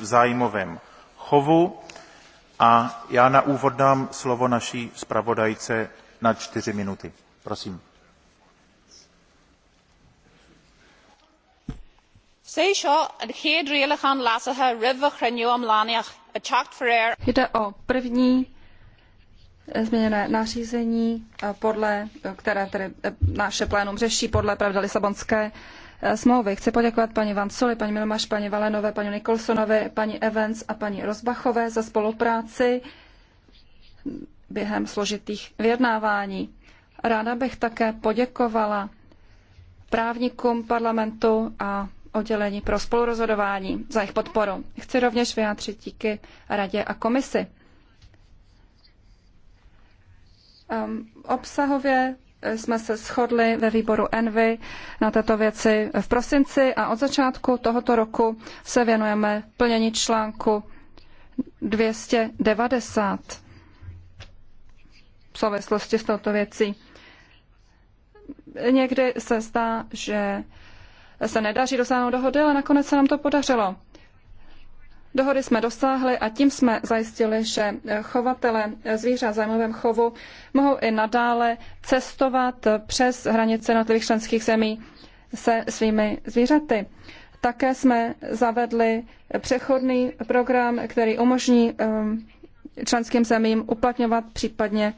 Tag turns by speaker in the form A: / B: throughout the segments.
A: v zájmovém chovu a já na úvod dám slovo naší zpravodajce na čtyři minuty. Prosím.
B: Jde o první eh, změněné nařízení, eh, podle, eh, které tedy naše plénum řeší podle pravda Lisabonské Eh, smlouvy. Chci poděkovat paní Vancoli, paní Milmaš, paní Valenové, paní Nikolsonové, paní Evans a paní Rozbachové za spolupráci během složitých vyjednávání. Ráda bych také poděkovala právníkům parlamentu a oddělení pro spolurozhodování za jejich podporu. Chci rovněž vyjádřit díky radě a komisi. Um, obsahově jsme se shodli ve výboru Envy na této věci v prosinci a od začátku tohoto roku se věnujeme plnění článku 290 v souvislosti s touto věcí. Někdy se zdá, že se nedaří dosáhnout dohody, ale nakonec se nám to podařilo. Dohody jsme dosáhli a tím jsme zajistili, že chovatele zvířat v zájmovém chovu mohou i nadále cestovat přes hranice jednotlivých členských zemí se svými zvířaty. Také jsme zavedli přechodný program, který umožní ehm, členským zemím uplatňovat případně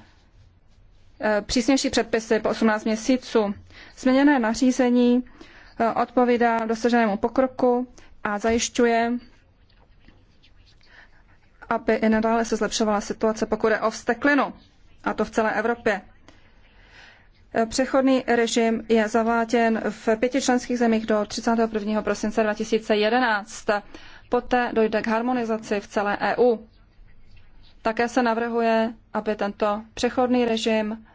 B: eh, přísnější předpisy po 18 měsíců. Změněné nařízení eh, odpovídá dosaženému pokroku a zajišťuje aby i nadále se zlepšovala situace, pokud je o vzteklinu, a to v celé Evropě. Přechodný režim je zaváděn v pěti členských zemích do 31. prosince 2011. Poté dojde k harmonizaci v celé EU. Také se navrhuje, aby tento přechodný režim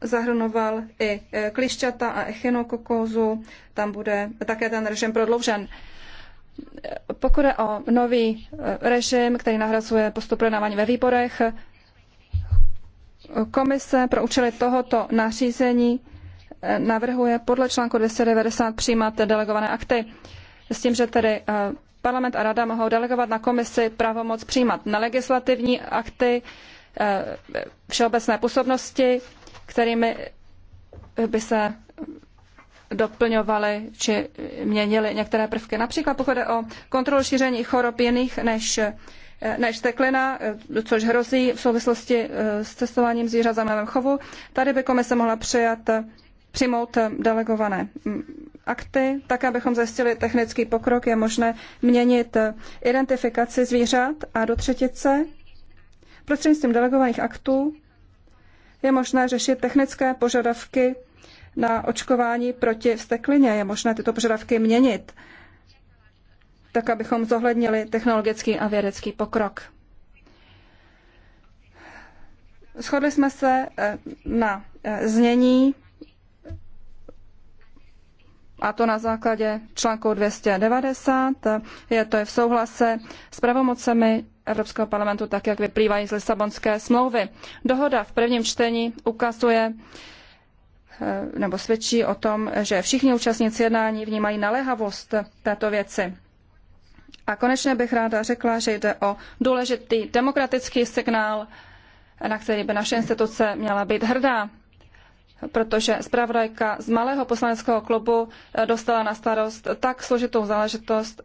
B: zahrnoval i klišťata a echinokokózu. Tam bude také ten režim prodloužen. Pokud je o nový eh, režim, který nahrazuje postup projednávání ve výborech, komise pro účely tohoto nařízení eh, navrhuje podle článku 290 přijímat delegované akty s tím, že tedy eh, parlament a rada mohou delegovat na komisi pravomoc přijímat nelegislativní akty všeobecné působnosti, kterými by se doplňovaly či měnily některé prvky. Například pokud jde o kontrolu šíření chorob jiných než eh, než teklina, eh, což hrozí v souvislosti eh, s cestováním zvířat za mnohem chovu. Tady by komise mohla přijat, přijmout delegované mm, akty, tak abychom zjistili technický pokrok. Je možné měnit identifikaci zvířat a do třetice prostřednictvím delegovaných aktů je možné řešit technické požadavky na očkování proti vsteklině. Je možné tyto požadavky měnit, tak abychom zohlednili technologický a vědecký pokrok. Shodli jsme se eh, na eh, znění a to na základě článku 290. Je to je v souhlase s pravomocemi Evropského parlamentu, tak jak vyplývají z Lisabonské smlouvy. Dohoda v prvním čtení ukazuje, Eh, nebo svědčí o tom, že všichni účastníci jednání vnímají naléhavost této věci. A konečně bych ráda řekla, že jde o důležitý demokratický signál, na který by naše instituce měla být hrdá, protože zpravodajka z malého poslaneckého klubu eh, dostala na starost tak složitou záležitost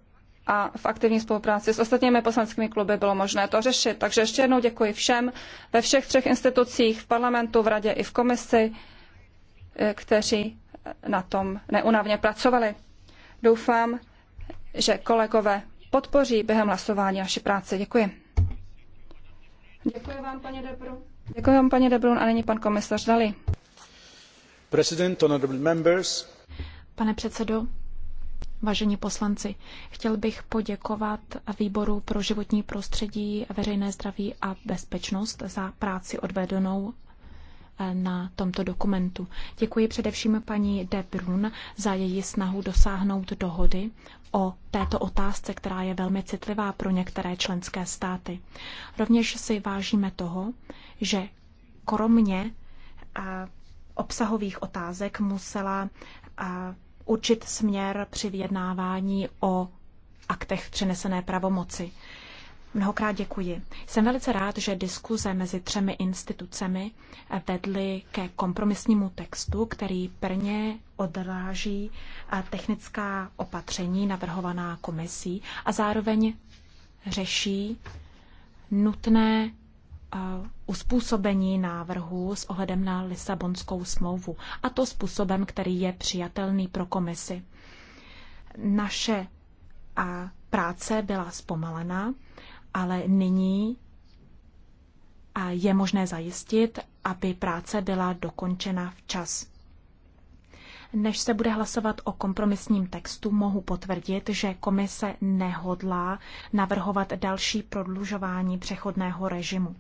B: a v aktivní spolupráci s ostatními poslaneckými kluby bylo možné to řešit. Takže ještě jednou děkuji všem ve všech třech institucích, v parlamentu, v radě i v komisi Eh, kteří na tom neunavně pracovali. Doufám, že kolegové podpoří během hlasování naši práci. Děkuji. Děkuji vám, paní Debrun. Děkuji vám, paní Debrun, a nyní pan komisař Dali.
A: President, honorable members.
C: Pane předsedo, vážení poslanci, chtěl bych poděkovat výboru pro životní prostředí, veřejné zdraví a bezpečnost za práci odvedenou na tomto dokumentu. Děkuji především paní De Brun za její snahu dosáhnout dohody o této otázce, která je velmi citlivá pro některé členské státy. Rovněž si vážíme toho, že kromě obsahových otázek musela určit směr při vyjednávání o aktech přenesené pravomoci. Mnohokrát děkuji. Jsem velice rád, že diskuze mezi třemi institucemi vedly ke kompromisnímu textu, který prvně odráží technická opatření navrhovaná komisí a zároveň řeší nutné uspůsobení návrhu s ohledem na Lisabonskou smlouvu, a to způsobem, který je přijatelný pro komisi. Naše práce byla zpomalena ale nyní a je možné zajistit, aby práce byla dokončena včas. Než se bude hlasovat o kompromisním textu, mohu potvrdit, že komise nehodlá navrhovat další prodlužování přechodného režimu.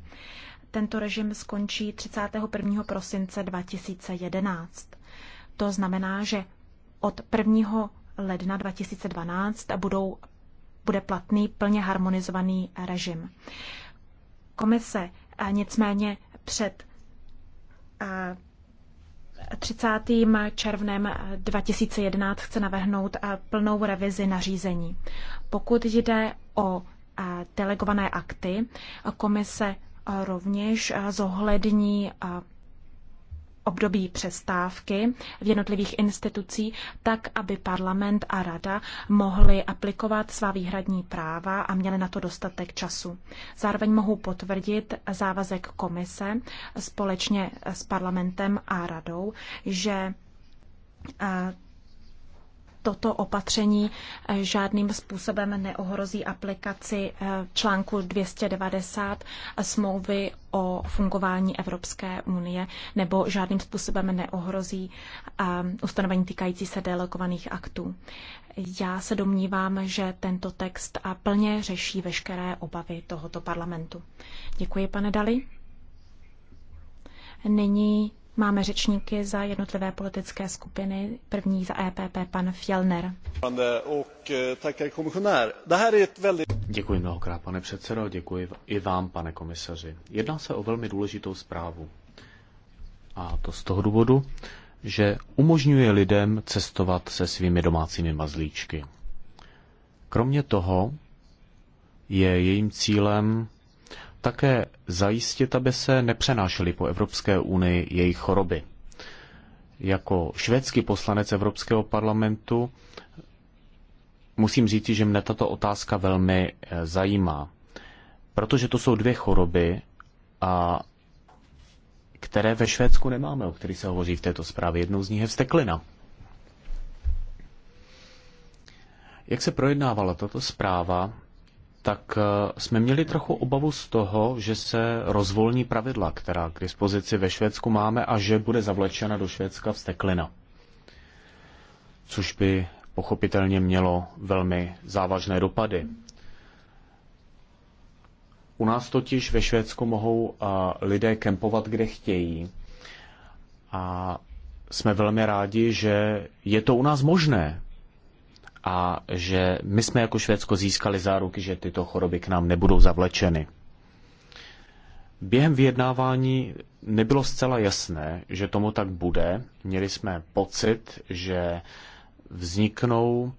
C: Tento režim skončí 31. prosince 2011. To znamená, že od 1. ledna 2012 budou bude platný plně harmonizovaný režim. Komise nicméně před 30. červnem 2011 chce navrhnout plnou revizi nařízení. Pokud jde o delegované akty, komise rovněž zohlední období přestávky v jednotlivých institucí, tak aby parlament a rada mohly aplikovat svá výhradní práva a měly na to dostatek času. Zároveň mohu potvrdit závazek komise společně s parlamentem a radou, že eh, toto opatření eh, žádným způsobem neohrozí aplikaci eh, článku 290 smlouvy o fungování Evropské unie nebo žádným způsobem neohrozí eh, ustanovení týkající se delegovaných aktů. Já se domnívám, že tento text plně řeší veškeré obavy tohoto parlamentu. Děkuji, pane Dali. Nyní Máme řečníky za jednotlivé politické skupiny. První za EPP, pan Fjellner.
A: Eh, děkuji mnohokrát, pane předsedo, děkuji i vám, pane komisaři. Jedná se o velmi důležitou zprávu. A to z toho důvodu, že umožňuje lidem cestovat se svými domácími mazlíčky. Kromě toho je jejím cílem také zajistit, aby se nepřenášely po Evropské unii jejich choroby. Jako švédský poslanec Evropského parlamentu musím říct, že mne tato otázka velmi eh, zajímá, protože to jsou dvě choroby, a které ve Švédsku nemáme, o kterých se hovoří v této zprávě. Jednou z nich je vsteklina. Jak se projednávala tato zpráva, tak eh, jsme měli trochu obavu z toho, že se rozvolní pravidla, která k dispozici ve Švédsku máme a že bude zavlečena do Švédska vsteklina. Což by pochopitelně mělo velmi závažné dopady. U nás totiž ve Švédsku mohou eh, lidé kempovat, kde chtějí. A jsme velmi rádi, že je to u nás možné, a že my jsme jako Švédsko získali záruky, že tyto choroby k nám nebudou zavlečeny. Během vyjednávání nebylo zcela jasné, že tomu tak bude. Měli jsme pocit, že vzniknou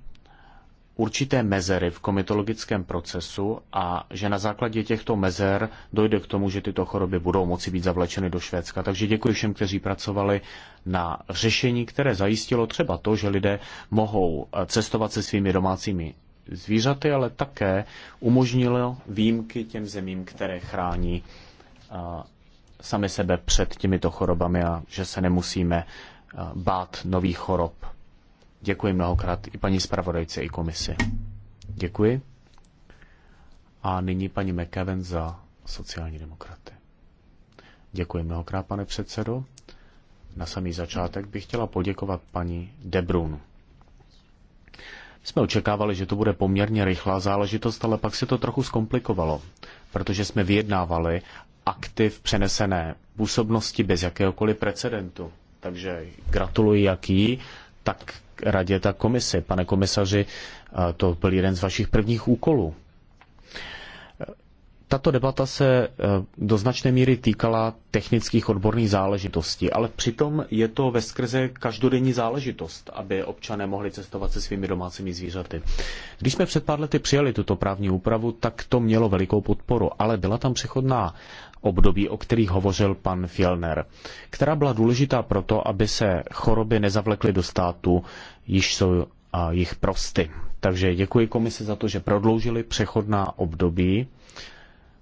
A: určité mezery v komitologickém procesu a že na základě těchto mezer dojde k tomu, že tyto choroby budou moci být zavlečeny do Švédska. Takže děkuji všem, kteří pracovali na řešení, které zajistilo třeba to, že lidé mohou eh, cestovat se svými domácími zvířaty, ale také umožnilo výjimky těm zemím, které chrání eh, sami sebe před těmito chorobami a že se nemusíme eh, bát nových chorob Děkuji mnohokrát i paní zpravodajce, i komisi. Děkuji. A nyní paní McEwen za sociální demokraty. Děkuji mnohokrát, pane předsedo. Na samý začátek bych chtěla poděkovat paní Debrun. Jsme očekávali, že to bude poměrně rychlá záležitost, ale pak se to trochu zkomplikovalo, protože jsme vyjednávali aktiv přenesené působnosti bez jakéhokoliv precedentu. Takže gratuluji jaký tak radě, tak komisi. Pane komisaři, to byl jeden z vašich prvních úkolů. Tato debata se e, do značné míry týkala technických odborných záležitostí, ale přitom je to ve skrze každodenní záležitost, aby občané mohli cestovat se svými domácími zvířaty. Když jsme před pár lety přijali tuto právní úpravu, tak to mělo velikou podporu, ale byla tam přechodná období, o kterých hovořil pan Fjellner, která byla důležitá proto, aby se choroby nezavlekly do státu, již jsou a jich prosty. Takže děkuji komisi za to, že prodloužili přechodná období.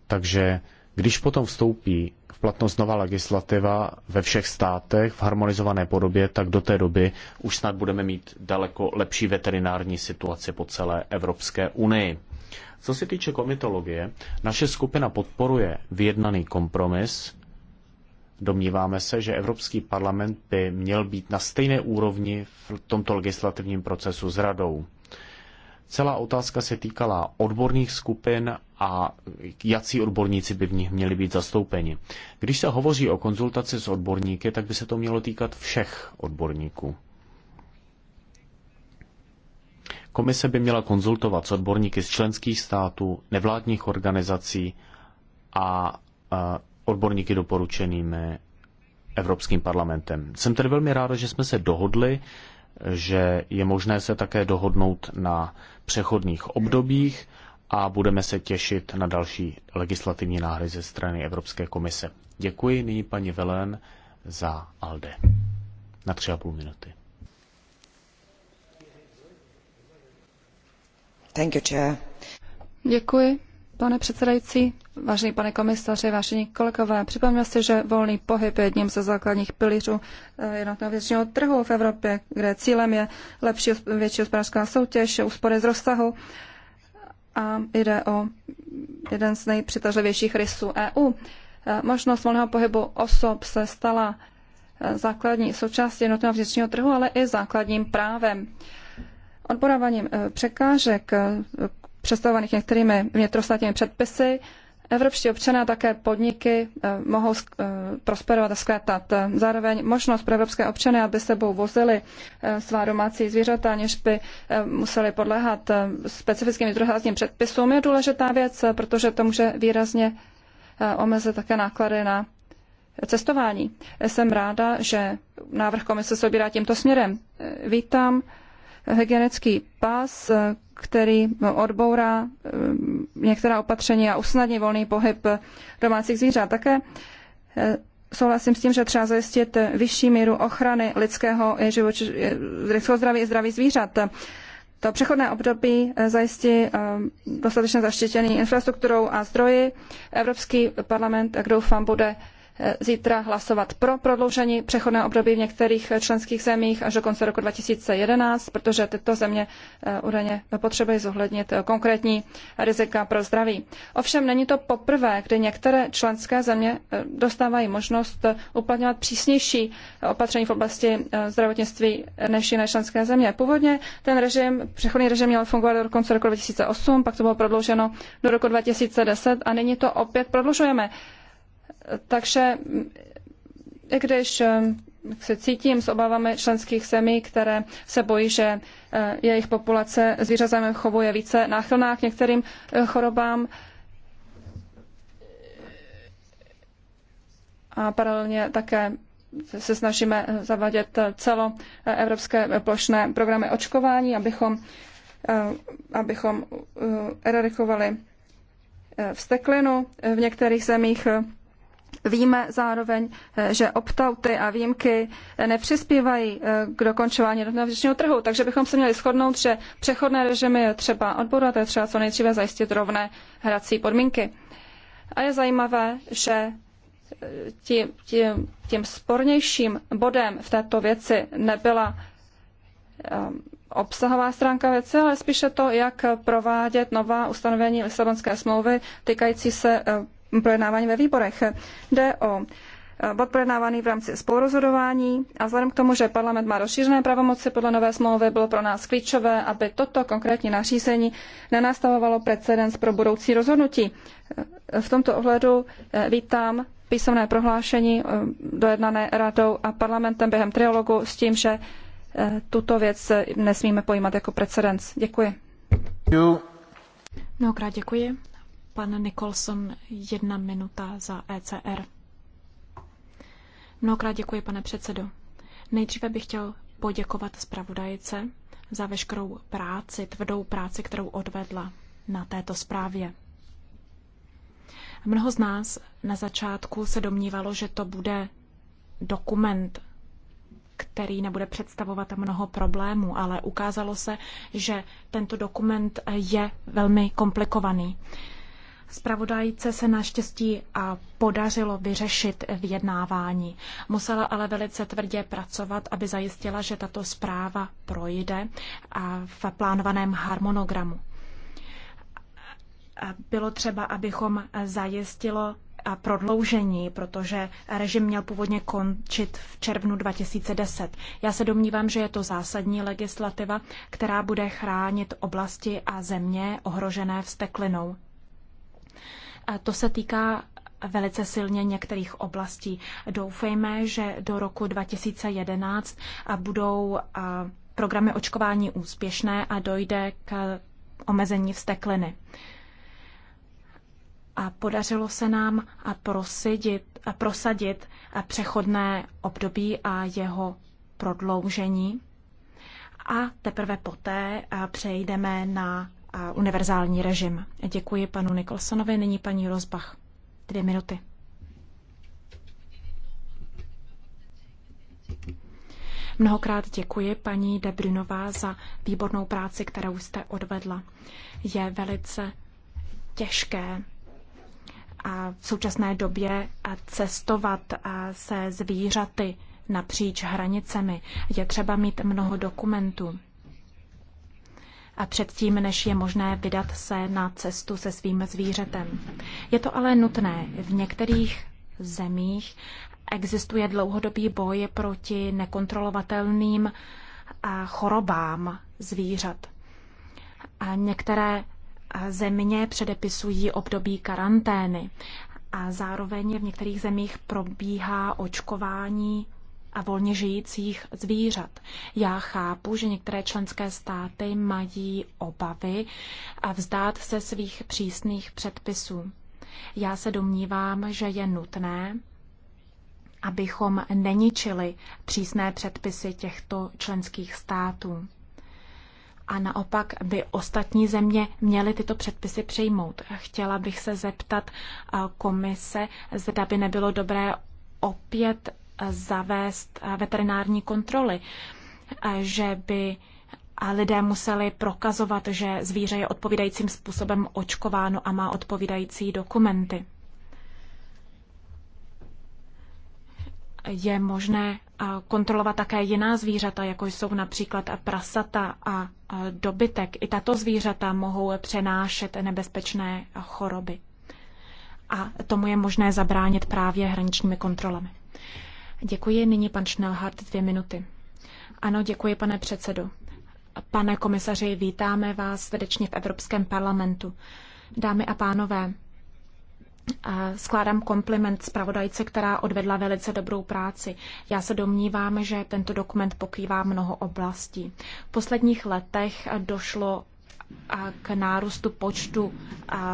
A: Takže když potom vstoupí v platnost nová legislativa ve všech státech v harmonizované podobě, tak do té doby už snad budeme mít daleko lepší veterinární situaci po celé Evropské unii. Co se týče komitologie, naše skupina podporuje vyjednaný kompromis. Domníváme se, že Evropský parlament by měl být na stejné úrovni v tomto legislativním procesu s radou. Celá otázka se týkala odborných skupin a jací odborníci by v nich měli být zastoupeni. Když se hovoří o konzultaci s odborníky, tak by se to mělo týkat všech odborníků. Komise by měla konzultovat s odborníky z členských států, nevládních organizací a odborníky doporučenými Evropským parlamentem. Jsem tedy velmi rád, že jsme se dohodli, že je možné se také dohodnout na přechodných obdobích a budeme se těšit na další legislativní náhry ze strany Evropské komise. Děkuji nyní paní Velen za ALDE. Na tři a půl minuty.
B: Děkuji, pane předsedající. Vážený pane komisaři, vážení kolegové, připomněl si, že volný pohyb je jedním ze základních pilířů eh, jednotného věčního trhu v Evropě, kde cílem je lepší, větší hospodářská soutěž, úspory z rozsahu a jde o jeden z nejpřitažlivějších rysů EU. Eh, možnost volného pohybu osob se stala eh, základní součástí jednotného vnitřního trhu, ale i základním právem. Odboráváním eh, překážek eh, představovaných některými vnitrostátními předpisy Evropští občané a také podniky eh, mohou prosperovat a zkvétat. Zároveň možnost pro evropské občany, aby sebou vozili svá domácí zvířata, aniž by museli podléhat specifickým vnitrostátním předpisům, je důležitá věc, protože to může výrazně omezit také náklady na cestování. Jsem ráda, že návrh komise se obírá tímto směrem. Vítám hygienický pas, který odbourá eh, některá opatření a usnadní volný pohyb domácích zvířat. Také eh, souhlasím s tím, že třeba zajistit vyšší míru ochrany lidského, živoč, eh, lidského zdraví i zdraví zvířat. To přechodné období zajistí dostatečně zaštětěný infrastrukturou a zdroji. Evropský parlament, jak doufám, bude zítra hlasovat pro prodloužení přechodného období v některých členských zemích až do konce roku 2011, protože tyto země eh, údajně potřebují zohlednit eh, konkrétní rizika pro zdraví. Ovšem není to poprvé, kdy některé členské země eh, dostávají možnost uplatňovat přísnější opatření v oblasti zdravotnictví než jiné členské země. Původně ten režim, přechodný režim měl fungovat do konce roku 2008, pak to bylo prodlouženo do roku 2010 a nyní to opět prodlužujeme. Takže i když eh, se cítím s obavami členských zemí, které se bojí, že eh, jejich populace zvířat chovu je více náchylná k některým eh, chorobám, a paralelně také se snažíme zavádět celoevropské plošné programy očkování, abychom, abychom eradikovali vsteklinu v některých zemích Víme zároveň, že optauty a výjimky nepřispívají eh, k dokončování jednotného trhu, takže bychom se měli shodnout, že přechodné režimy je třeba odborovat, je třeba co nejdříve zajistit rovné hrací podmínky. A je zajímavé, že eh, tím, tím, tím spornějším bodem v této věci nebyla eh, obsahová stránka věci, ale spíše to, jak provádět nová ustanovení Lisabonské smlouvy týkající se projednávání ve výborech. Jde o eh, bod projednávaný v rámci spolurozhodování a vzhledem k tomu, že parlament má rozšířené pravomoci podle nové smlouvy, bylo pro nás klíčové, aby toto konkrétní nařízení nenastavovalo precedens pro budoucí rozhodnutí. Eh, v tomto ohledu eh, vítám písemné prohlášení dojednané radou a parlamentem během trialogu s tím, že tuto věc nesmíme pojímat jako precedens. Děkuji.
C: Mnohokrát děkuji. Pan Nicholson, jedna minuta za ECR. Mnohokrát děkuji, pane předsedo. Nejdříve bych chtěl poděkovat zpravodajce za veškerou práci, tvrdou práci, kterou odvedla na této zprávě. Mnoho z nás na začátku se domnívalo, že to bude dokument, který nebude představovat mnoho problémů, ale ukázalo se, že tento dokument je velmi komplikovaný. Spravodajce se naštěstí a podařilo vyřešit vyjednávání. Musela ale velice tvrdě pracovat, aby zajistila, že tato zpráva projde v plánovaném harmonogramu. Bylo třeba, abychom zajistilo a prodloužení, protože režim měl původně končit v červnu 2010. Já se domnívám, že je to zásadní legislativa, která bude chránit oblasti a země ohrožené vzteklinou. To se týká velice silně některých oblastí. Doufejme, že do roku 2011 budou programy očkování úspěšné a dojde k omezení vstekliny. A podařilo se nám a prosidit, a prosadit přechodné období a jeho prodloužení. A teprve poté přejdeme na a univerzální režim. Děkuji panu Nikolsonovi, nyní paní Rozbach. Dvě minuty. Mnohokrát děkuji paní Debrinová za výbornou práci, kterou jste odvedla. Je velice těžké a v současné době cestovat se zvířaty napříč hranicemi. Je třeba mít mnoho dokumentů a předtím, než je možné vydat se na cestu se svým zvířetem. Je to ale nutné. V některých zemích existuje dlouhodobý boj proti nekontrolovatelným chorobám zvířat. A některé země předepisují období karantény a zároveň v některých zemích probíhá očkování a volně žijících zvířat. Já chápu, že některé členské státy mají obavy a vzdát se svých přísných předpisů. Já se domnívám, že je nutné, abychom neničili přísné předpisy těchto členských států. A naopak by ostatní země měly tyto předpisy přijmout. Chtěla bych se zeptat komise, zda by nebylo dobré opět zavést eh, veterinární kontroly, eh, že by a eh, lidé museli prokazovat, že zvíře je odpovídajícím způsobem očkováno a má odpovídající dokumenty. Je možné kontrolovat také jiná zvířata, jako jsou například prasata a dobytek. I tato zvířata mohou přenášet nebezpečné choroby. A tomu je možné zabránit právě hraničními kontrolami. Děkuji. Nyní pan Schnellhardt dvě minuty. Ano, děkuji, pane předsedo. Pane komisaři, vítáme vás srdečně v Evropském parlamentu. Dámy a pánové, Skládám kompliment zpravodajce, která odvedla velice dobrou práci. Já se domnívám, že tento dokument pokrývá mnoho oblastí. V posledních letech došlo k nárůstu počtu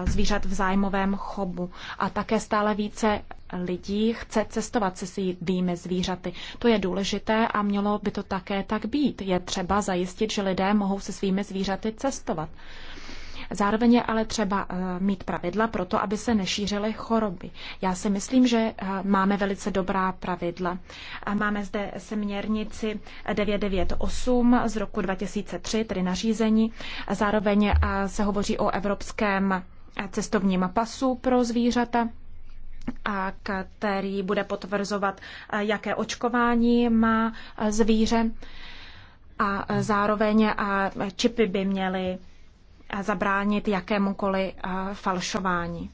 C: zvířat v zájmovém chobu. A také stále více lidí chce cestovat se svými zvířaty. To je důležité a mělo by to také tak být. Je třeba zajistit, že lidé mohou se svými zvířaty cestovat. Zároveň je ale třeba eh, mít pravidla pro to, aby se nešířily choroby. Já si myslím, že eh, máme velice dobrá pravidla. máme zde směrnici 998 z roku 2003, tedy nařízení. Zároveň eh, se hovoří o evropském cestovním pasu pro zvířata a který bude potvrzovat, jaké očkování má zvíře. A zároveň čipy by měly zabránit jakémukoliv eh, falšování.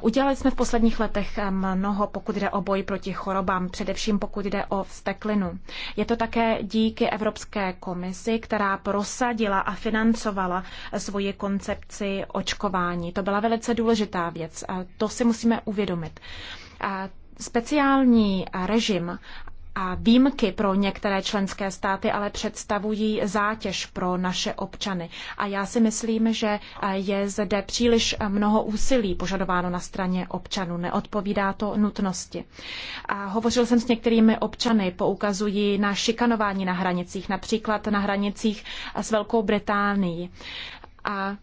C: Udělali jsme v posledních letech eh, mnoho, pokud jde o boj proti chorobám, především pokud jde o vzteklinu. Je to také díky Evropské komisi, která prosadila a financovala svoji koncepci očkování. To byla velice důležitá věc. To si musíme uvědomit speciální režim a výjimky pro některé členské státy ale představují zátěž pro naše občany. A já si myslím, že eh, je zde příliš eh, mnoho úsilí požadováno na straně občanů. Neodpovídá to nutnosti. A hovořil jsem s některými občany, poukazují na šikanování na hranicích, například na hranicích eh, s Velkou Británií. A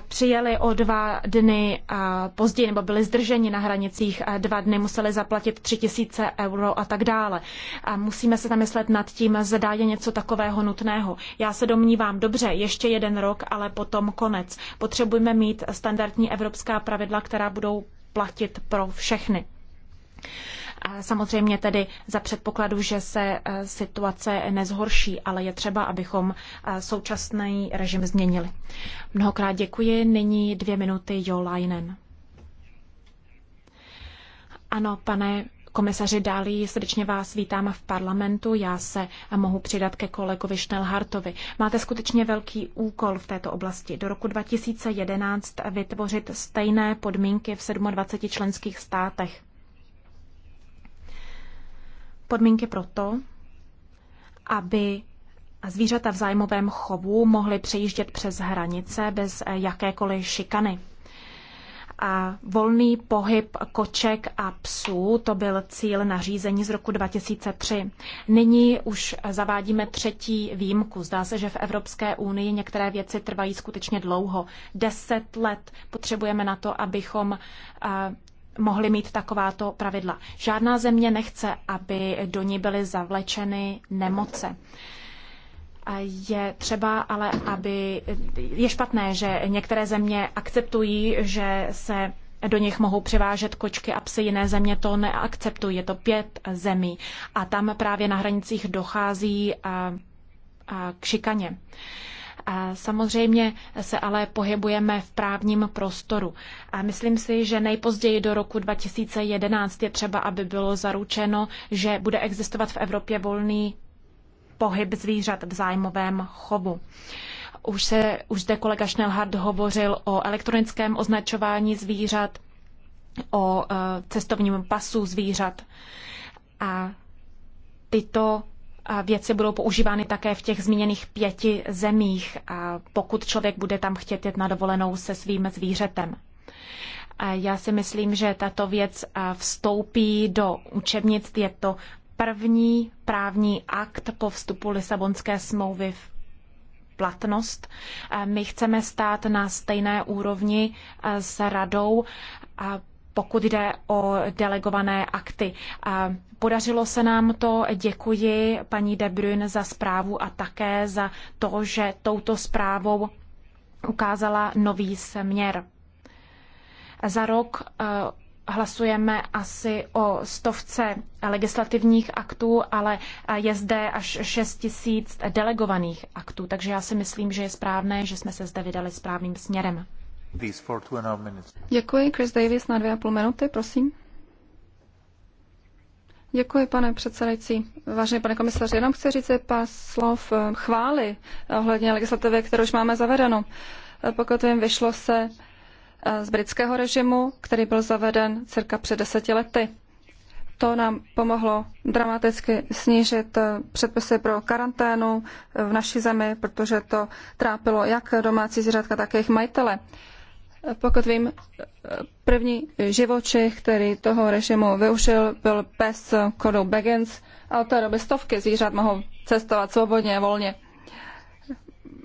C: přijeli o dva dny později nebo byli zdrženi na hranicích dva dny, museli zaplatit tři tisíce euro a tak dále. A musíme se zamyslet nad tím, zda je něco takového nutného. Já se domnívám, dobře, ještě jeden rok, ale potom konec. Potřebujeme mít standardní evropská pravidla, která budou platit pro všechny. Samozřejmě tedy za předpokladu, že se e, situace nezhorší, ale je třeba, abychom e, současný režim změnili. Mnohokrát děkuji. Nyní dvě minuty Jo Leinen. Ano, pane komisaři Dálí, srdečně vás vítám v parlamentu. Já se mohu přidat ke kolegovi Schnellhartovi. Máte skutečně velký úkol v této oblasti. Do roku 2011 vytvořit stejné podmínky v 27 členských státech podmínky pro to, aby zvířata v zájmovém chovu mohly přejíždět přes hranice bez eh, jakékoliv šikany. A volný pohyb koček a psů, to byl cíl nařízení z roku 2003. Nyní už zavádíme třetí výjimku. Zdá se, že v Evropské unii některé věci trvají skutečně dlouho. Deset let potřebujeme na to, abychom eh, mohli mít takováto pravidla. Žádná země nechce, aby do ní byly zavlečeny nemoce. Je třeba ale, aby je špatné, že některé země akceptují, že se do nich mohou přivážet kočky a psy, jiné země to neakceptují. Je to pět zemí a tam právě na hranicích dochází a, a k šikaně. Samozřejmě se ale pohybujeme v právním prostoru. A myslím si, že nejpozději do roku 2011 je třeba, aby bylo zaručeno, že bude existovat v Evropě volný pohyb zvířat v zájmovém chovu. Už, se, už zde kolega Schnellhardt hovořil o elektronickém označování zvířat, o e, cestovním pasu zvířat. A tyto věci budou používány také v těch zmíněných pěti zemích, pokud člověk bude tam chtět jít na dovolenou se svým zvířetem. Já si myslím, že tato věc vstoupí do učebnic. Je to první právní akt po vstupu Lisabonské smlouvy v platnost. My chceme stát na stejné úrovni s radou a pokud jde o delegované akty. Podařilo se nám to, děkuji paní De Bruyne za zprávu a také za to, že touto zprávou ukázala nový směr. Za rok e, hlasujeme asi o stovce legislativních aktů, ale je zde až 6 tisíc delegovaných aktů, takže já si myslím, že je správné, že jsme se zde vydali správným směrem.
B: Děkuji, Chris Davis, na dvě a půl minuty, prosím. Děkuji, pane předsedající. Vážený pane komisaři, jenom chci říct pár slov eh, chvály eh, ohledně legislativy, kterou už máme zavedenou. Eh, pokud vím, vyšlo se z britského režimu, který byl zaveden cirka před deseti lety. To nám pomohlo dramaticky snížit předpisy pro karanténu v naší zemi, protože to trápilo jak domácí zvířatka, tak jejich majitele. Pokud vím, první živočich, který toho režimu využil, byl pes Kodo Begins. a od té doby stovky zvířat mohou cestovat svobodně, volně.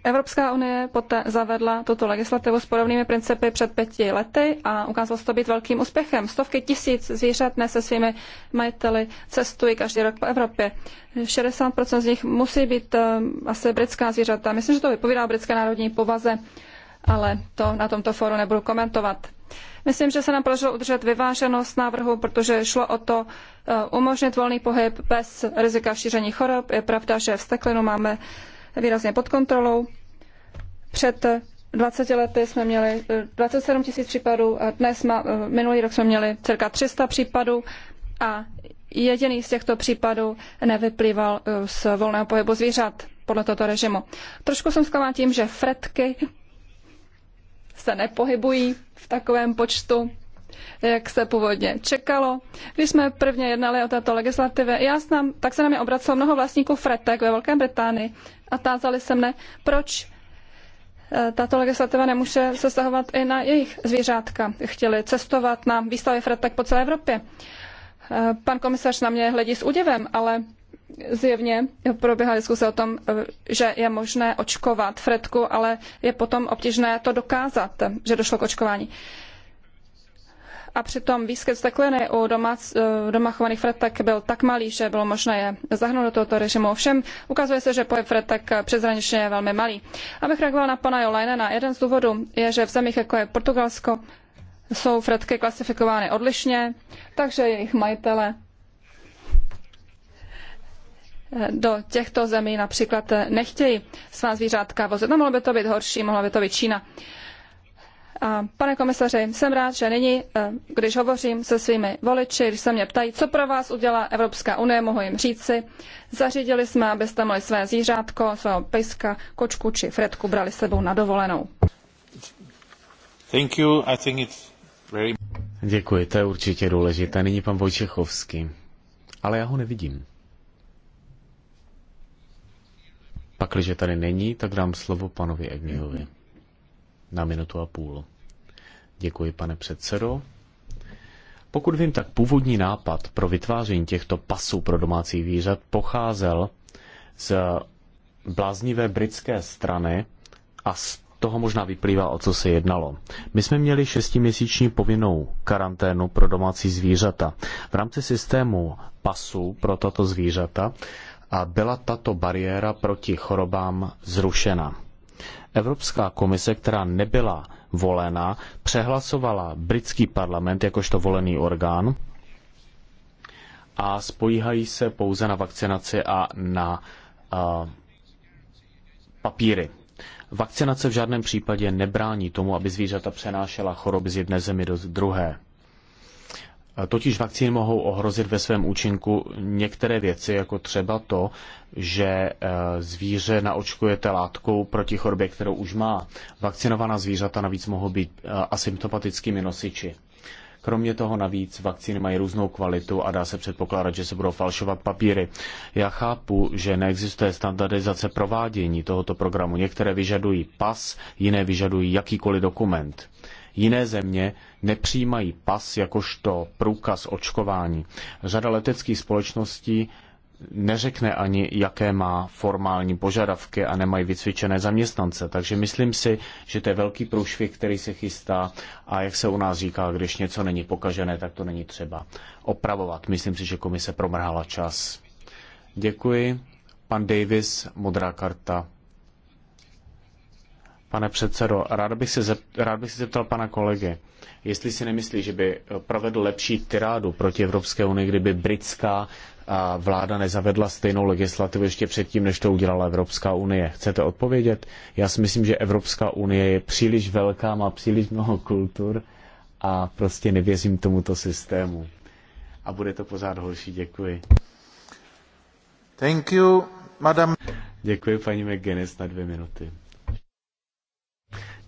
B: Evropská unie poté zavedla tuto legislativu s podobnými principy před pěti lety a ukázalo se to být velkým úspěchem. Stovky tisíc zvířat dnes se svými majiteli cestují každý rok po Evropě. 60% z nich musí být eh, asi britská zvířata. Myslím, že to vypovídá o britské národní povaze ale to na tomto fóru nebudu komentovat. Myslím, že se nám podařilo udržet vyváženost návrhu, protože šlo o to eh, umožnit volný pohyb bez rizika šíření chorob. Je pravda, že vsteklinu máme výrazně pod kontrolou. Před 20 lety jsme měli 27 eh, tisíc případů a dnes má, eh, minulý rok jsme měli cirka 300 případů a jediný z těchto případů nevyplýval z volného pohybu zvířat podle tohoto režimu. Trošku jsem zklamán tím, že fretky se nepohybují v takovém počtu, jak se původně čekalo. Když jsme prvně jednali o této legislativě, já nám, tak se na mě obracelo mnoho vlastníků fretek ve Velké Británii a tázali se mne, proč eh, tato legislativa nemůže sesahovat i na jejich zvířátka. Chtěli cestovat na výstavy fretek po celé Evropě. Eh, pan komisař na mě hledí s údivem, ale zjevně proběhla diskuse o tom, eh, že je možné očkovat fretku, ale je potom obtížné to dokázat, že došlo k očkování. A přitom výskyt stekliny u doma, eh, doma chovaných fretek byl tak malý, že bylo možné je zahrnout do tohoto režimu. Ovšem ukazuje se, že pohyb fretek přezraničně je velmi malý. Abych reagoval na pana Jolajnena, jeden z důvodů je, že v zemích jako je Portugalsko jsou fretky klasifikovány odlišně, takže jejich majitele do těchto zemí například nechtějí svá zvířátka vozit. No mohlo by to být horší, mohla by to být Čína. A pane komisaři, jsem rád, že nyní, eh, když hovořím se svými voliči, když se mě ptají, co pro vás udělá Evropská unie, mohu jim říci, zařídili jsme, abyste měli své zvířátko, svého pejska, kočku či fretku brali sebou na dovolenou.
A: Thank you. I think it's very... Děkuji, to je určitě důležité. Nyní pan Vojčechovský. Ale já ho nevidím. Pakliže tady není, tak dám slovo panovi Egnihovi na minutu a půl. Děkuji, pane předsedo. Pokud vím, tak původní nápad pro vytváření těchto pasů pro domácí výřad pocházel z bláznivé britské strany a z toho možná vyplývá, o co se jednalo. My jsme měli šestiměsíční povinnou karanténu pro domácí zvířata. V rámci systému pasů pro tato zvířata a byla tato bariéra proti chorobám zrušena. Evropská komise, která nebyla volena, přehlasovala britský parlament jakožto volený orgán a spojíhají se pouze na vakcinaci a na a, papíry. Vakcinace v žádném případě nebrání tomu, aby zvířata přenášela choroby z jedné zemi do druhé. Totiž vakcíny mohou ohrozit ve svém účinku některé věci, jako třeba to, že e, zvíře naočkujete látkou proti chorobě, kterou už má. Vakcinovaná zvířata navíc mohou být e, asymptomatickými nosiči. Kromě toho navíc vakcíny mají různou kvalitu a dá se předpokládat, že se budou falšovat papíry. Já chápu, že neexistuje standardizace provádění tohoto programu. Některé vyžadují pas, jiné vyžadují jakýkoliv dokument. Jiné země nepřijímají pas jakožto průkaz očkování. Řada leteckých společností neřekne ani, jaké má formální požadavky a nemají vycvičené zaměstnance. Takže myslím si, že to je velký průšvih, který se chystá a jak se u nás říká, když něco není pokažené, tak to není třeba opravovat. Myslím si, že komise promrhala čas. Děkuji. Pan Davis, modrá karta Pane předsedo, rád bych, se zept, rád bych se zeptal pana kolegy, jestli si nemyslí, že by provedl lepší tirádu proti Evropské unii, kdyby britská vláda nezavedla stejnou legislativu ještě předtím, než to udělala Evropská unie. Chcete odpovědět? Já si myslím, že Evropská unie je příliš velká, má příliš mnoho kultur a prostě nevěřím tomuto systému. A bude to pořád horší. Děkuji. Thank you, madam. Děkuji paní McGuinness na dvě minuty.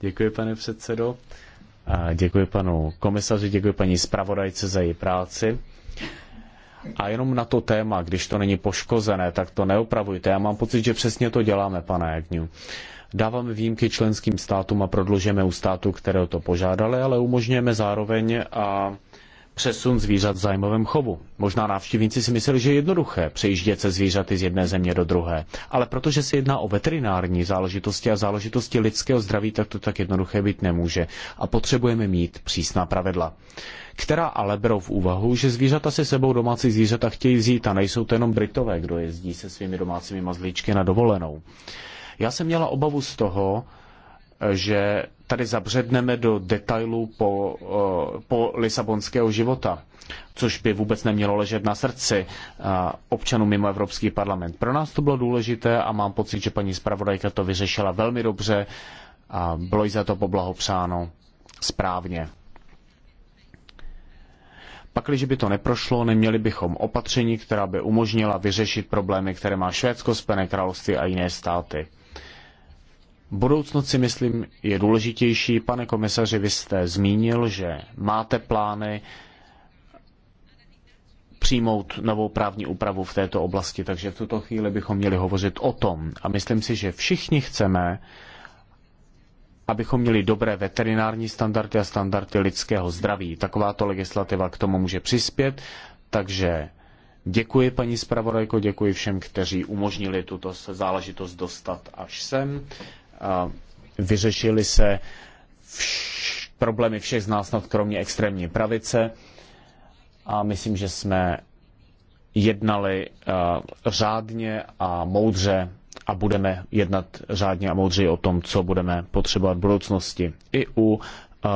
A: Děkuji, pane předsedo. děkuji panu komisaři, děkuji paní zpravodajce za její práci. A jenom na to téma, když to není poškozené, tak to neopravujte. Já mám pocit, že přesně to děláme, pane Jagňu. Dáváme výjimky členským státům a prodlužujeme u států, které o to požádali, ale umožňujeme zároveň a přesun zvířat v zájmovém chovu. Možná návštěvníci si mysleli, že je jednoduché přejíždět se zvířaty z jedné země do druhé, ale protože se jedná o veterinární záležitosti a záležitosti lidského zdraví, tak to tak jednoduché být nemůže a potřebujeme mít přísná pravidla která ale berou v úvahu, že zvířata si sebou domácí zvířata chtějí vzít a nejsou to jenom Britové, kdo jezdí se svými domácími mazlíčky na dovolenou. Já jsem měla obavu z toho, že tady zabředneme do detailů po, po lisabonského života, což by vůbec nemělo ležet na srdci občanů mimo Evropský parlament. Pro nás to bylo důležité a mám pocit, že paní zpravodajka to vyřešila velmi dobře a bylo jí za to poblahopřáno správně. Pakliže by to neprošlo, neměli bychom opatření, která by umožnila vyřešit problémy, které má Švédsko, Spojené království a jiné státy. Budoucnost si myslím je důležitější. Pane komisaři, vy jste zmínil, že máte plány přijmout novou právní úpravu v této oblasti, takže v tuto chvíli bychom měli hovořit o tom. A myslím si, že všichni chceme, abychom měli dobré veterinární standardy a standardy lidského zdraví. Takováto legislativa k tomu může přispět, takže děkuji paní zpravodajko, děkuji všem, kteří umožnili tuto záležitost dostat až sem vyřešily se vš- problémy všech z nás, snad kromě extrémní pravice. A myslím, že jsme jednali eh, řádně a moudře a budeme jednat řádně a moudře o tom, co budeme potřebovat v budoucnosti. I u eh,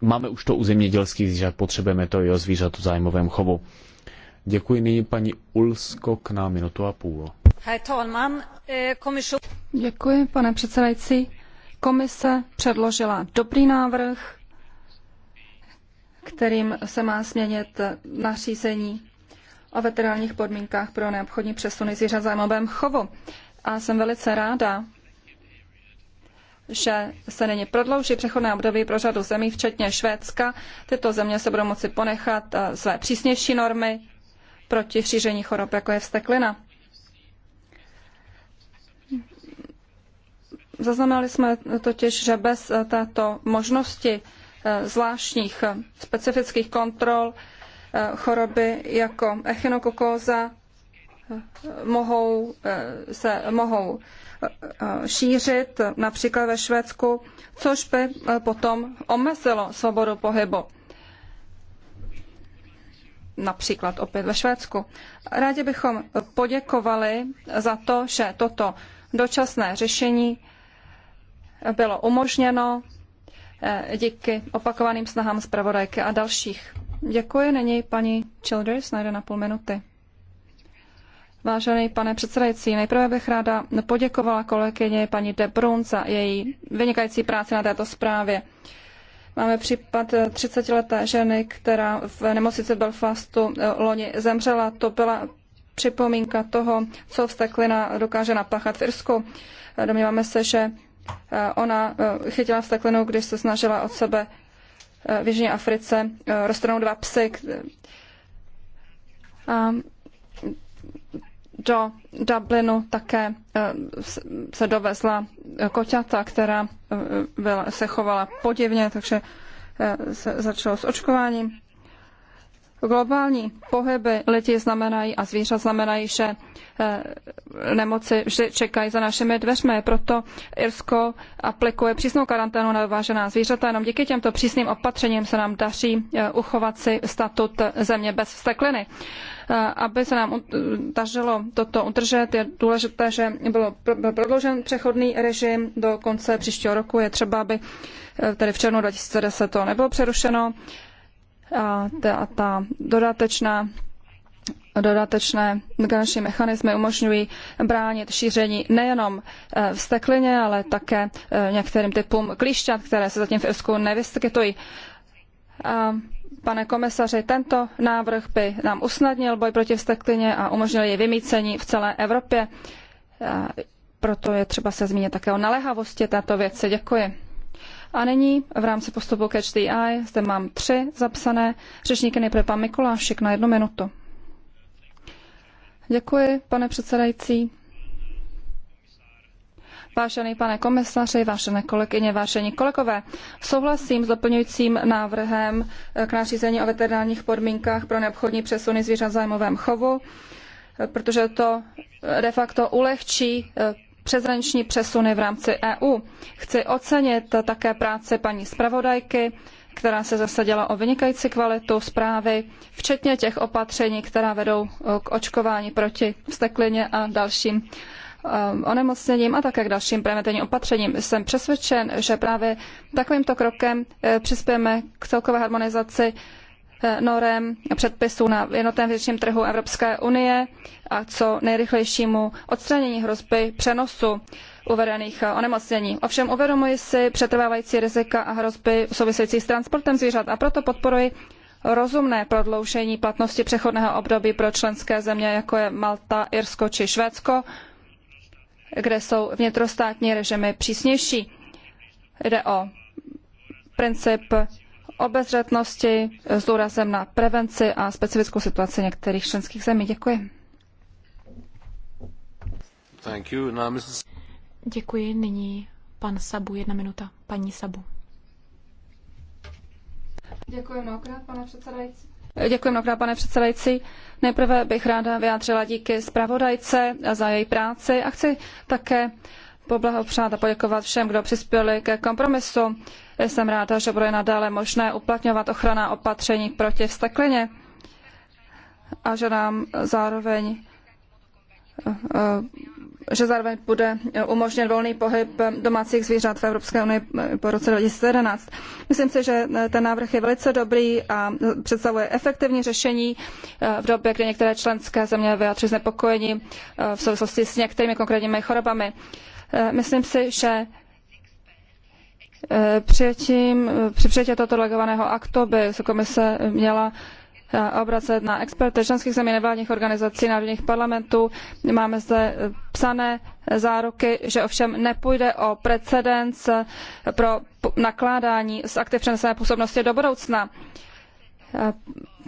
A: máme už to u zemědělských zvířat, potřebujeme to i o zvířat v zájmovém chovu. Děkuji nyní paní Ulskok na minutu a půl.
B: Eh, Děkuji, pane předsedající. Komise předložila dobrý návrh, kterým se má změnit nařízení o veterinárních podmínkách pro neobchodní přesuny zvířat zájmovém chovu. A jsem velice ráda, že se nyní prodlouží přechodné období pro řadu zemí, včetně Švédska. Tyto země se budou moci ponechat eh, své přísnější normy proti šíření chorob, jako je vsteklina. Zaznamenali jsme totiž, že bez eh, této možnosti eh, zvláštních eh, specifických kontrol choroby jako echinokokóza mohou, se mohou šířit například ve Švédsku, což by potom omezilo svobodu pohybu. Například opět ve Švédsku. Rádi bychom poděkovali za to, že toto dočasné řešení bylo umožněno eh, díky opakovaným snahám zpravodajky a dalších. Děkuji, nyní paní Childers najde na půl minuty. Vážený pane předsedající, nejprve bych ráda poděkovala kolegyně paní De Brun za její vynikající práci na této zprávě. Máme případ 30-leté ženy, která v nemocnici Belfastu eh, loni zemřela. To byla připomínka toho, co vsteklina dokáže napáchat v Irsku. Eh, domníváme se, že Eh, ona eh, chytila vsteklinu, když se snažila od sebe eh, v Jižní Africe roztrhnout dva psy. A do Dublinu také se dovezla koťata, která byla, se chovala podivně, takže se začalo s očkováním. Globální pohyby lidí znamenají a zvířat znamenají, že eh, nemoci vždy čekají za našimi dveřmi. Proto Irsko aplikuje přísnou karanténu na dovážená zvířata. Jenom díky těmto přísným opatřením se nám daří eh, uchovat si statut země bez vstekliny. Eh, aby se nám dařilo toto udržet, je důležité, že byl prodloužen přechodný režim do konce příštího roku. Je třeba, aby tedy v červnu 2010 to nebylo přerušeno ta, ta dodatečná dodatečné garanční mechanismy umožňují bránit šíření nejenom eh, v steklině, ale také eh, některým typům klíšťat, které se zatím v Irsku nevyskytují. A pane komisaři, tento návrh by nám usnadnil boj proti vsteklině a umožnil její vymícení v celé Evropě. A proto je třeba se zmínit také o naléhavosti této věci. Děkuji. A nyní v rámci postupu Catch the Eye zde mám tři zapsané řečníky. Nejprve pan Mikulášek na jednu minutu. Děkuji, pane předsedající. Vážený pane komisaři, vážené kolegyně, vážení kolegové, souhlasím s doplňujícím návrhem eh, k nařízení o veterinárních podmínkách pro neobchodní přesuny zvířat v zájmovém chovu, eh, protože to eh, de facto ulehčí přezranční přesuny v rámci EU. Chci ocenit také práci paní zpravodajky, která se zasadila o vynikající kvalitu zprávy, včetně těch opatření, která vedou eh, k očkování proti vzteklině a dalším eh, onemocněním a také k dalším preventivním opatřením. Jsem přesvědčen, že právě takovýmto krokem eh, přispějeme k celkové harmonizaci Eh, norem předpisů na jednotném vnitřním trhu Evropské unie a co nejrychlejšímu odstranění hrozby přenosu uvedených eh, onemocnění. Ovšem uvědomuji si přetrvávající rizika a hrozby související s transportem zvířat a proto podporuji rozumné prodloužení platnosti přechodného období pro členské země, jako je Malta, Irsko či Švédsko, kde jsou vnitrostátní režimy přísnější. Jde o princip obezřetnosti s důrazem na prevenci a specifickou situaci některých členských zemí. Děkuji. Thank you. Now, Mrs.
C: Děkuji. Nyní pan Sabu, jedna minuta. Paní Sabu.
B: Děkuji mnohokrát, pane předsedající. Děkuji mnohokrát, pane předsedající. Nejprve bych ráda vyjádřila díky zpravodajce za její práci a chci také poblahopřát a poděkovat všem, kdo přispěli ke kompromisu. Jsem ráda, že bude nadále možné uplatňovat ochrana opatření proti vsteklině a že nám zároveň eh, že zároveň bude umožněn volný pohyb domácích zvířat v Evropské unii po roce 2011. Myslím si, že ten návrh je velice dobrý a představuje efektivní řešení eh, v době, kdy některé členské země vyjadřují znepokojení eh, v souvislosti s některými konkrétními chorobami. Eh, myslím si, že eh, přijetím, eh, při přijetí tohoto delegovaného aktu by se komise měla obracet na experty členských zemí, nevládních organizací, národních parlamentů. Máme zde psané záruky, že ovšem nepůjde o precedens pro nakládání s aktiv přenesené působnosti do budoucna.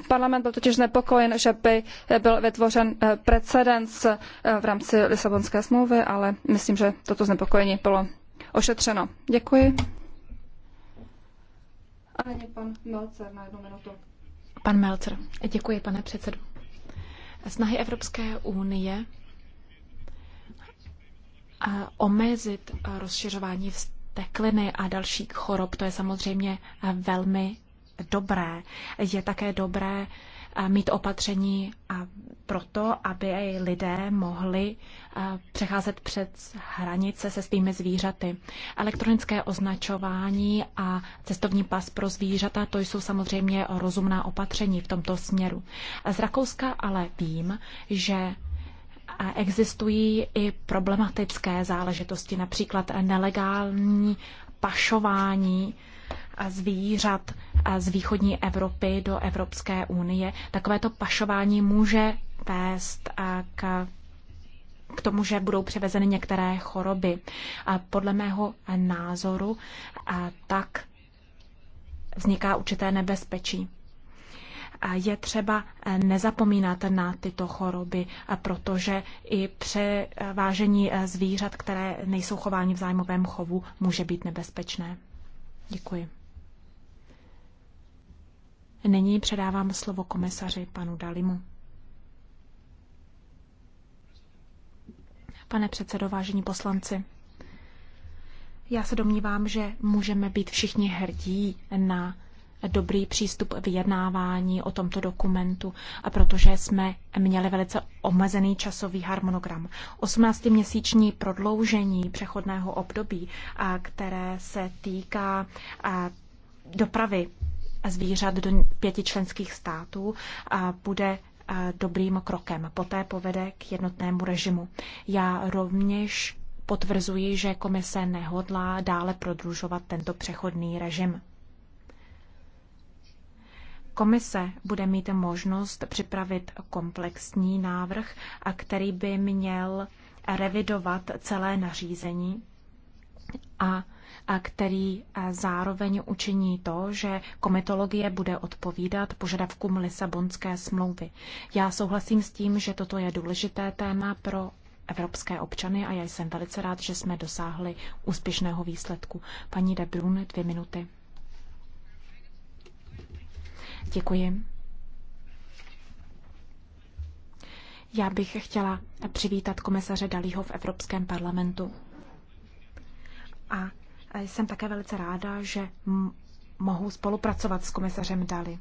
B: Parlament byl totiž znepokojen, že by byl vytvořen eh, precedens eh, v rámci Lisabonské smlouvy, ale myslím, že toto znepokojení bylo ošetřeno. Děkuji. A nyní pan Melcer na jednu minutu.
C: Pan Melcer, děkuji, pane předsedu. Snahy Evropské unie eh, omezit rozšiřování vztekliny a dalších chorob, to je samozřejmě velmi dobré. Je také dobré eh, mít opatření a proto, aby lidé mohli eh, přecházet přes hranice se svými zvířaty. Elektronické označování a cestovní pas pro zvířata, to jsou samozřejmě rozumná opatření v tomto směru. Z Rakouska ale vím, že eh, existují i problematické záležitosti, například nelegální pašování zvířat z východní Evropy do Evropské unie. Takovéto pašování může vést k k tomu, že budou převezeny některé choroby. A podle mého názoru a tak vzniká určité nebezpečí. A je třeba nezapomínat na tyto choroby, protože i převážení zvířat, které nejsou chováni v zájmovém chovu, může být nebezpečné. Děkuji. Nyní předávám slovo komisaři panu Dalimu. Pane předsedo, vážení poslanci, já se domnívám, že můžeme být všichni hrdí na dobrý přístup vyjednávání o tomto dokumentu, a protože jsme měli velice omezený časový harmonogram. 18-měsíční prodloužení přechodného období, které se týká dopravy zvířat do pěti členských států bude dobrým krokem. Poté povede k jednotnému režimu. Já rovněž potvrzuji, že komise nehodlá dále prodlužovat tento přechodný režim. Komise bude mít možnost připravit komplexní návrh, a který by měl revidovat celé nařízení a a který zároveň učiní to, že komitologie bude odpovídat požadavkům Lisabonské smlouvy. Já souhlasím s tím, že toto je důležité téma pro evropské občany a já jsem velice rád, že jsme dosáhli úspěšného výsledku. Paní De Brun, dvě minuty. Děkuji. Já bych chtěla přivítat komisaře Dalího v Evropském parlamentu. A jsem také velice ráda, že mohu spolupracovat s komisařem Dali.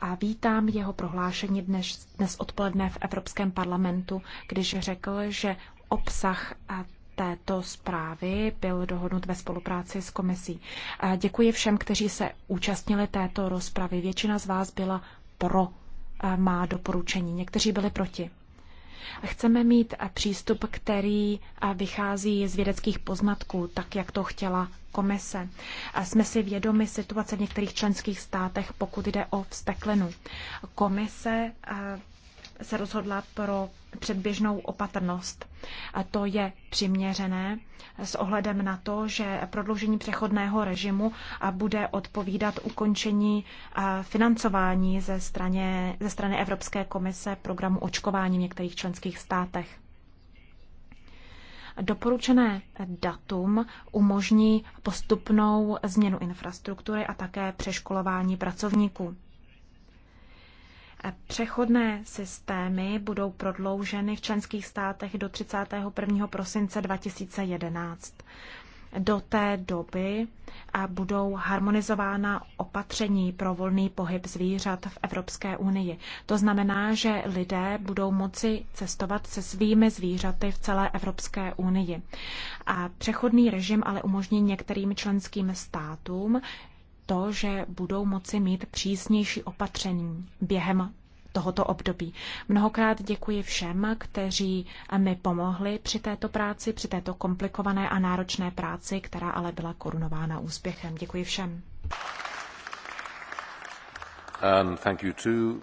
C: A vítám jeho prohlášení dnes, dnes odpoledne v Evropském parlamentu, když řekl, že obsah této zprávy byl dohodnut ve spolupráci s komisí. A děkuji všem, kteří se účastnili této rozpravy. Většina z vás byla pro má doporučení, někteří byli proti. Chceme mít přístup, který vychází z vědeckých poznatků, tak jak to chtěla komise. A Jsme si vědomi situace v některých členských státech, pokud jde o vzteklinu. Komise se rozhodla pro předběžnou opatrnost. A to je přiměřené s ohledem na to, že prodloužení přechodného režimu bude odpovídat ukončení financování ze, straně, ze strany Evropské komise programu očkování v některých členských státech. Doporučené datum umožní postupnou změnu infrastruktury a také přeškolování pracovníků. Přechodné systémy budou prodlouženy v členských státech do 31. prosince 2011. Do té doby budou harmonizována opatření pro volný pohyb zvířat v Evropské unii. To znamená, že lidé budou moci cestovat se svými zvířaty v celé Evropské unii. A přechodný režim ale umožní některým členským státům to, že budou moci mít přísnější opatření během tohoto období. Mnohokrát děkuji všem, kteří mi pomohli při této práci, při této komplikované a náročné práci, která ale byla korunována úspěchem. Děkuji všem.
A: thank you too.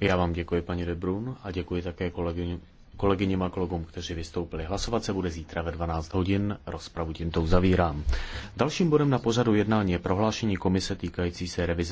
A: Já vám děkuji, paní Debrun, a děkuji také kolegyni kolegyním a kolegům, kteří vystoupili. Hlasovat se bude zítra ve 12 hodin, rozpravu tímto uzavírám. Dalším bodem na pořadu jednání je prohlášení komise týkající se revize